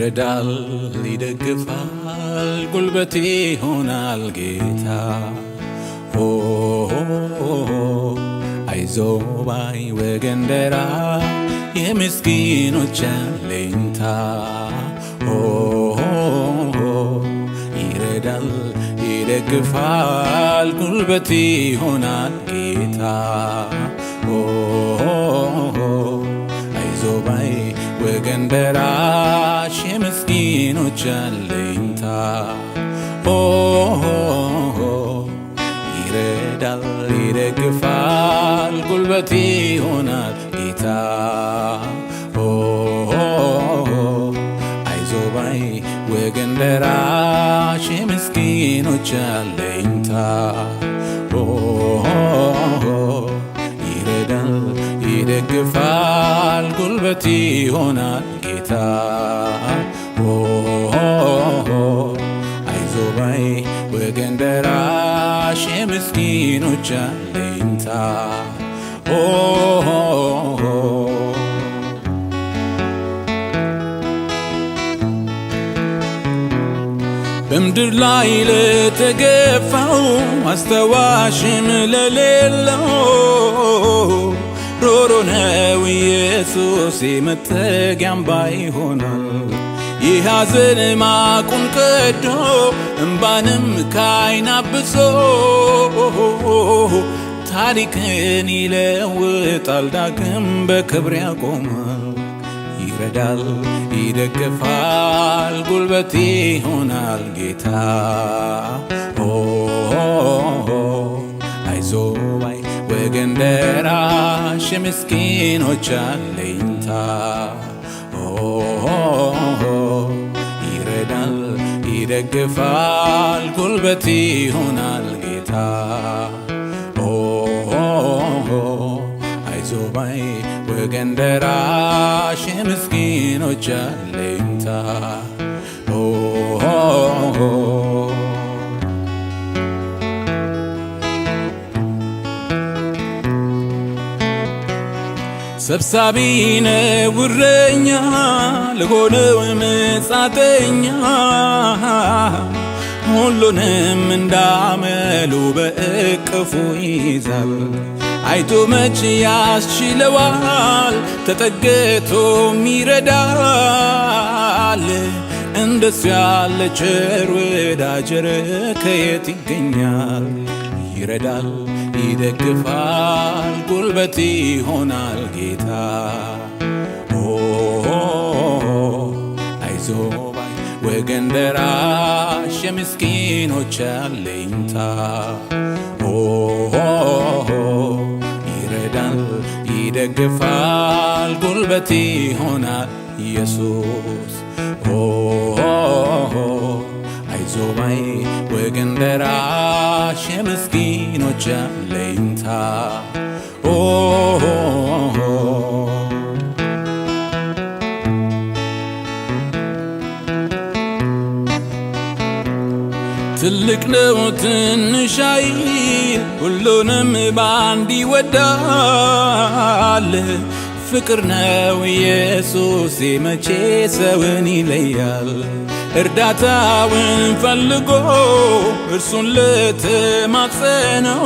ይረዳል፣ ይደግፋል፣ ጉልበት ይሆናል ጌታ። አይዞ ባይ ወገን የምስኪኖች አለኝታ ይረዳል፣ ይደግፋል፣ ጉልበት ይሆናል ጌታ። አይዞ ባይ ወገን ደራሽ የምስኪኖች አለኝታ ሆሆሆ ይረዳል፣ ይደግፋል፣ ጉልበት ይሆናል ጌታ ሆሆሆ ወገን ደራሽ የምስኪኖች አለኝታ ይደግፋል፣ ጉልበት ይሆናል ጌታ አይዞባይ ወገን ደራሽ የምስኪኖች አለኝታ በምድር ላይ ለተገፋው አስተዋሽም ለሌለው ዶሮ ነው ኢየሱስ የመጠጊያም ባይሆነ ይህ ሐዘን ማቁን ቀዶ እምባንም ካይናብሶ ታሪክን ይለውጣል ዳግም በክብር ያቆማል። ይረዳል፣ ይደግፋል፣ ጉልበት ይሆናል ጌታ አይዞ በግን ደራሽ ምስኪኖች አለኝታ ይረዳል፣ ይደግፋል፣ ጉልበት ይሆናል ጌታ። አይዞባይ ወገን ደራሽ ምስኪኖች አለኝታ ሰብሳቢ ነው እረኛ ለሆነው መጻተኛ ሁሉንም እንዳመሉ በእቅፉ ይዛል። አይቶ መች ያስችለዋል ተጠግቶ ይረዳል። እንደሱ ያለ ቸር ወዳጅ ከየት ይገኛል? ይረዳል፣ ይደግፋል፣ ጉልበት ይሆናል ጌታ። አይዞባይ ወገን ደራሽ የምስኪኖች አለኝታ ይረዳል፣ ይደግፋል፣ ጉልበት ይሆናል ኢየሱስ ዞባይ ወገን ደራሽ የምስኪኖች ለይንታ ትልቅ ነው ትንሻይ ሁሉንም ባንድ ይወዳል። ፍቅር ነው ኢየሱስ መቼ ሰውን ይለያል። እርዳታውን ፈልጎ እርሱን ልትማጸነው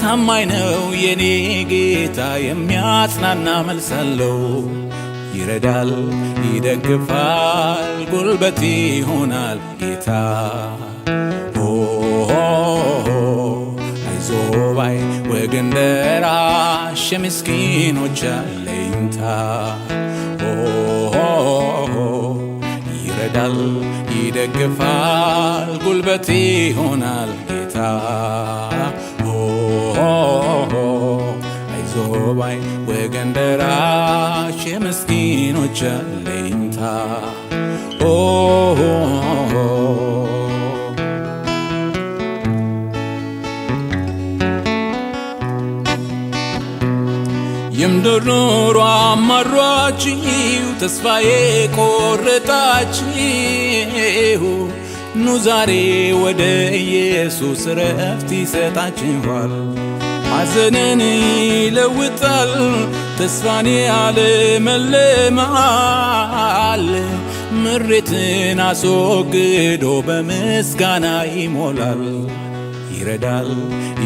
ታማኝ ነው የኔ ጌታ የሚያጽናና መልስ አለው። ይረዳል፣ ይደግፋል፣ ጉልበት ይሆናል ጌታ አይዞባይ ወግን ደራሽ አለኝታ ይረዳል፣ ይደግፋል፣ ጉልበት ይሆናል ጌታ አይዞባይ ወገን ደራሽ የምስኪኖች ለይንታ የምድር ኑሮ አማሯችን ተስፋዬ ቆረጣችሁ ኑ ዛሬ ወደ ኢየሱስ ረፍት ይሰጣችኋል። ሐዘንን ይለውጣል፣ ተስፋን ያለመልማል፣ ምሬትን አስወግዶ በምስጋና ይሞላል። ይረዳል፣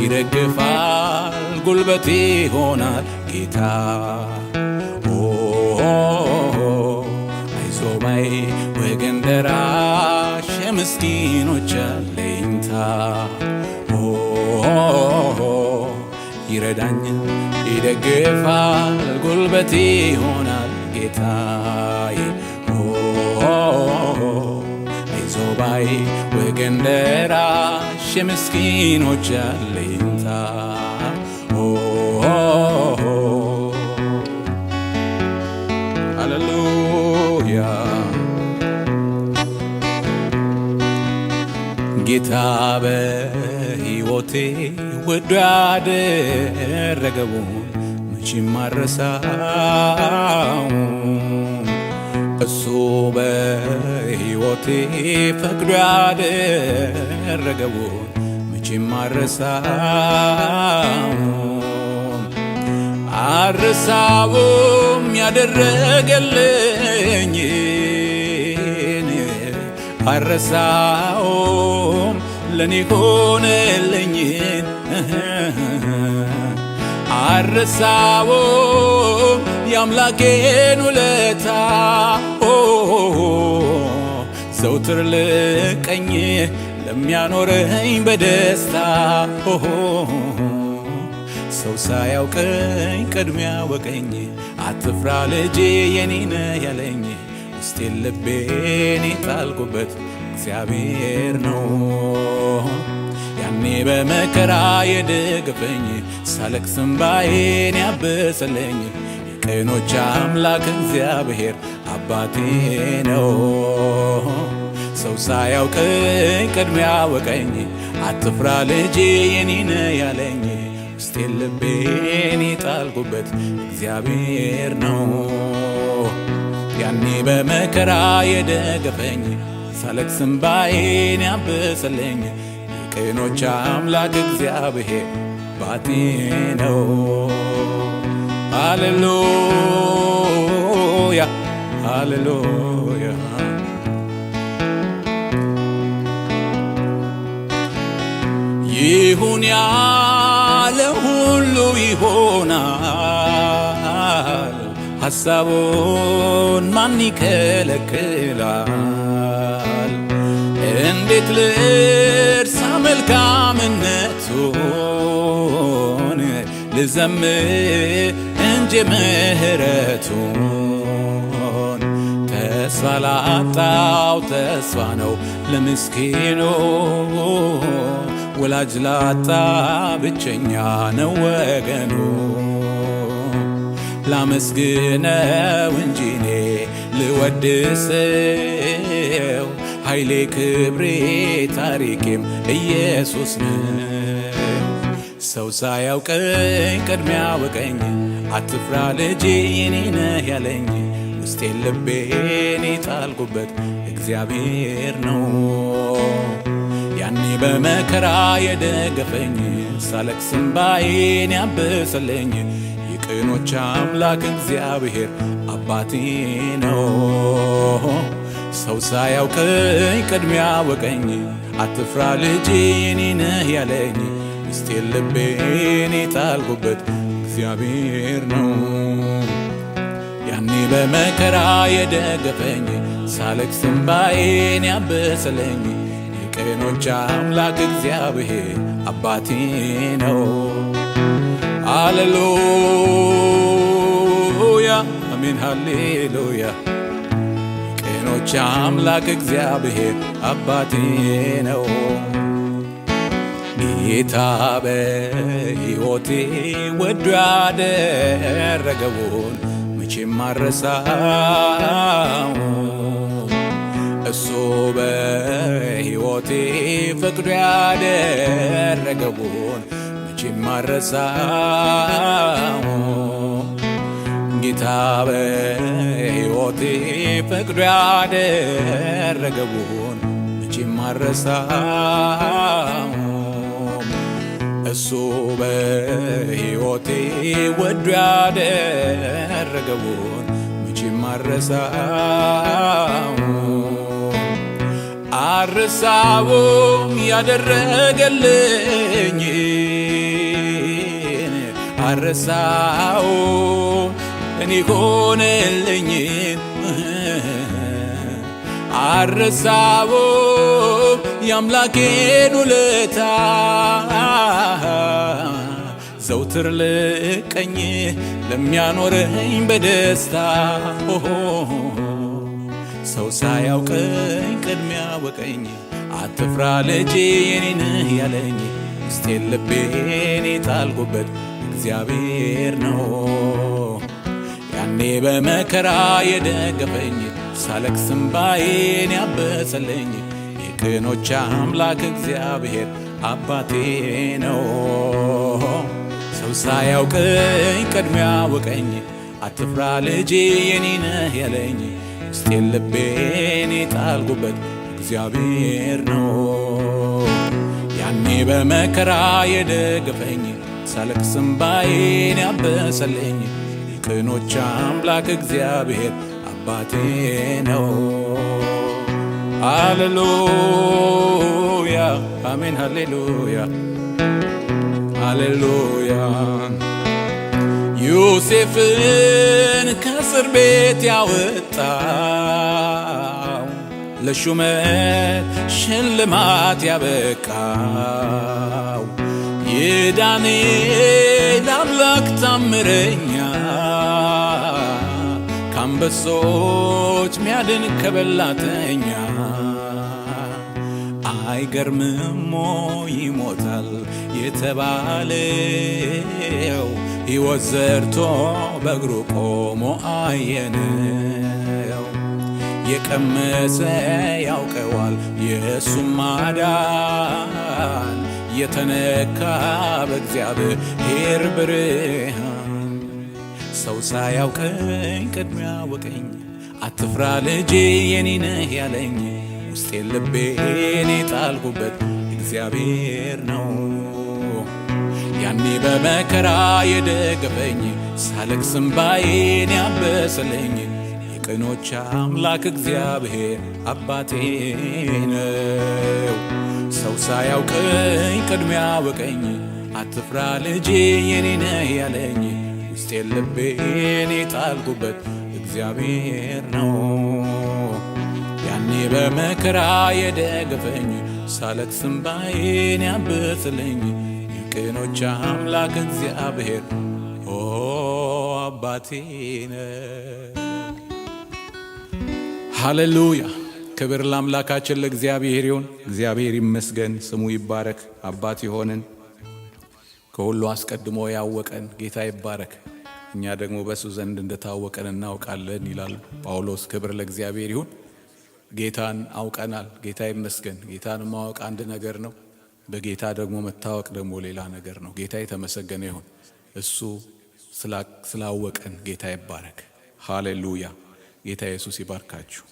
ይረግፋል፣ ጉልበት ይሆናል ጌታ ሰማይ ወገን ደራሽ የምስኪኖች አለኝታ ይረዳኛል፣ ይደግፋል፣ ጉልበቴ ይሆናል ጌታዬ አይዞህ ባይ ወገን ደራሽ የምስኪኖች አለኝታ ጌታ በሕይወቴ ወዶ ያደረገውን መቼም አረሳው። እሱ በሕይወቴ ፈቅዶ ያደረገውን መቼም አረሳው አረሳውም ያደረገልኝ አረሳውም ለኔ ሆነልኝ አረሳውም የአምላኬን ውለታ ዘውትር ልቀኝ ለሚያኖረኝ በደስታ ሰው ሳያውቀኝ ቅድሚያ ወቀኝ አትፍራ ልጄ የኔነ ያለኝ እስቴን ልቤን የጣልኩበት እግዚአብሔር ነው። ያኔ በመከራ የደገፈኝ ሳለቅ ስንባዬን ያበሰለኝ የቀኖች አምላክ እግዚአብሔር አባቴ ነው። ሰው ሳያውቀኝ ቅድሚያ ወቀኝ፣ አትፍራ ልጄ የኔነ ያለኝ ውስጤን ልቤን የጣልኩበት እግዚአብሔር ነው። ያኔ በመከራ የደገፈኝ ሳለቅስ እንባዬን ያበሰለኝ የቀኖች አምላክ እግዚአብሔር ባቴ ነው። ሃሌሉያ ሃሌሉያ ይሁን ያለ ሁሉ ይሆናል ሐሳቡን ማን ይከለክላል? እንዴት ልርሳ መልካምነቱን ልዘም እንጂ ምሕረቱን ተስፋ ላጣው ተስፋ ነው ለምስኪኑ ወላጅ ላጣ ብቸኛ ነው ወገኑ ላመስግነው እንጂ እኔ ልወድሰው ኃይሌ ክብሬ ታሪኬም ኢየሱስ ነው። ሰው ሳያውቀኝ ቅድሚያ ወቀኝ፣ አትፍራ ልጄ እኔ ነህ ያለኝ ውስጤን ልቤን የጣልኩበት እግዚአብሔር ነው። ያኔ በመከራ የደገፈኝ ሳለቅስ እንባዬን ያበሰለኝ የቅኖች አምላክ እግዚአብሔር አባቴ ነው። ሰው ሳያውቀኝ ቅድሚያ አወቀኝ አትፍራ ልጄ እኔ ነህ ያለኝ ምስጢር ልቤን የጣልኩበት እግዚአብሔር ነው። ያኔ በመከራ የደገፈኝ ሳለቅስ እንባዬን ያበሰለኝ የቀኖች አምላክ እግዚአብሔር አባቴ ነው። ሃሌሉያ አሜን ሃሌሉያ ቀኖች አምላክ እግዚአብሔር አባቴ ነው ጌታ በሕይወቴ ወዶ ያደረገውን መቼም አረሳው እሱ በሕይወቴ ፈቅዶ ያደረገውን መቼም ማረሳው ጌታ በሕይወቴ ፈቅዶ ያደረገውን ማረሳው እሱ በሕይወቴ ወዶ ያደረገውን ማረሳው አረሳውም ያደረገልኝ አረሳው እኔ ሆነልኝ አረሳው የአምላኬን ውለታ ዘውትር ልቀኝ ለሚያኖረኝ በደስታ ሰው ሳያውቀኝ ቅድሚያ ወቀኝ አትፍራ ልጄ የኔ ነህ ያለኝ እስቴን ልቤን ጣልኩበት እግዚአብሔር ነው። ያኔ በመከራ የደገፈኝ ሳለቅስ እንባዬን ያበሰለኝ የቅኖች አምላክ እግዚአብሔር አባቴ ነው። ሰው ሳያውቀኝ ቀድሞ ያወቀኝ አትፍራ ልጄ የኔ ነህ ያለኝ ውስጤን ልቤን የጣልኩበት እግዚአብሔር ነው። ያኔ በመከራ የደገፈኝ ሳለቅስም ባይን ያበሰልኝ የቅኖች አምላክ እግዚአብሔር አባቴ ነው። አሌሉያ አሜን፣ ሃሌሉያ አሌሉያ። ዮሴፍን ከእስር ቤት ያወጣው ለሹመት ሽልማት ያበቃው የዳንኤል አምላክ ታምረኛ ከአንበሶች ሚያድን ከበላተኛ አይገርምሞ ይሞታል የተባለው ሕይወት ዘርቶ በእግሩ ቆሞ አየነው። የቀመሰ ያውቀዋል የእሱም ማዳን የተነካ በእግዚአብሔር ብርሃን ሰው ሳያውቀኝ ቅድሚያ ወቀኝ። አትፍራ ልጄ የኔ ነህ ያለኝ ውስጤ ልቤን የጣልኩበት እግዚአብሔር ነው። ያኔ በመከራ የደገፈኝ ሳለቅስ እንባዬን ያበሰለኝ የቅኖች አምላክ እግዚአብሔር አባቴ ነው። ሰው ሳያውቀኝ ቅድሚያ ወቀኝ አትፍራ ልጅ የኔ ነህ ያለኝ ውስጤን ልቤን የጣልኩበት እግዚአብሔር ነው። ያኔ በመከራ የደገፈኝ ሳለቅስ እንባዬን ያብስልኝ የቅኖች አምላክ እግዚአብሔር ኦ አባቴ ሃሌሉያ ክብር ለአምላካችን ለእግዚአብሔር ይሁን። እግዚአብሔር ይመስገን፣ ስሙ ይባረክ። አባት የሆንን ከሁሉ አስቀድሞ ያወቀን ጌታ ይባረክ። እኛ ደግሞ በእሱ ዘንድ እንደታወቀን እናውቃለን ይላል ጳውሎስ። ክብር ለእግዚአብሔር ይሁን። ጌታን አውቀናል። ጌታ ይመስገን። ጌታን ማወቅ አንድ ነገር ነው። በጌታ ደግሞ መታወቅ ደግሞ ሌላ ነገር ነው። ጌታ የተመሰገነ ይሁን። እሱ ስላወቀን ጌታ ይባረክ። ሃሌሉያ። ጌታ ኢየሱስ ይባርካችሁ።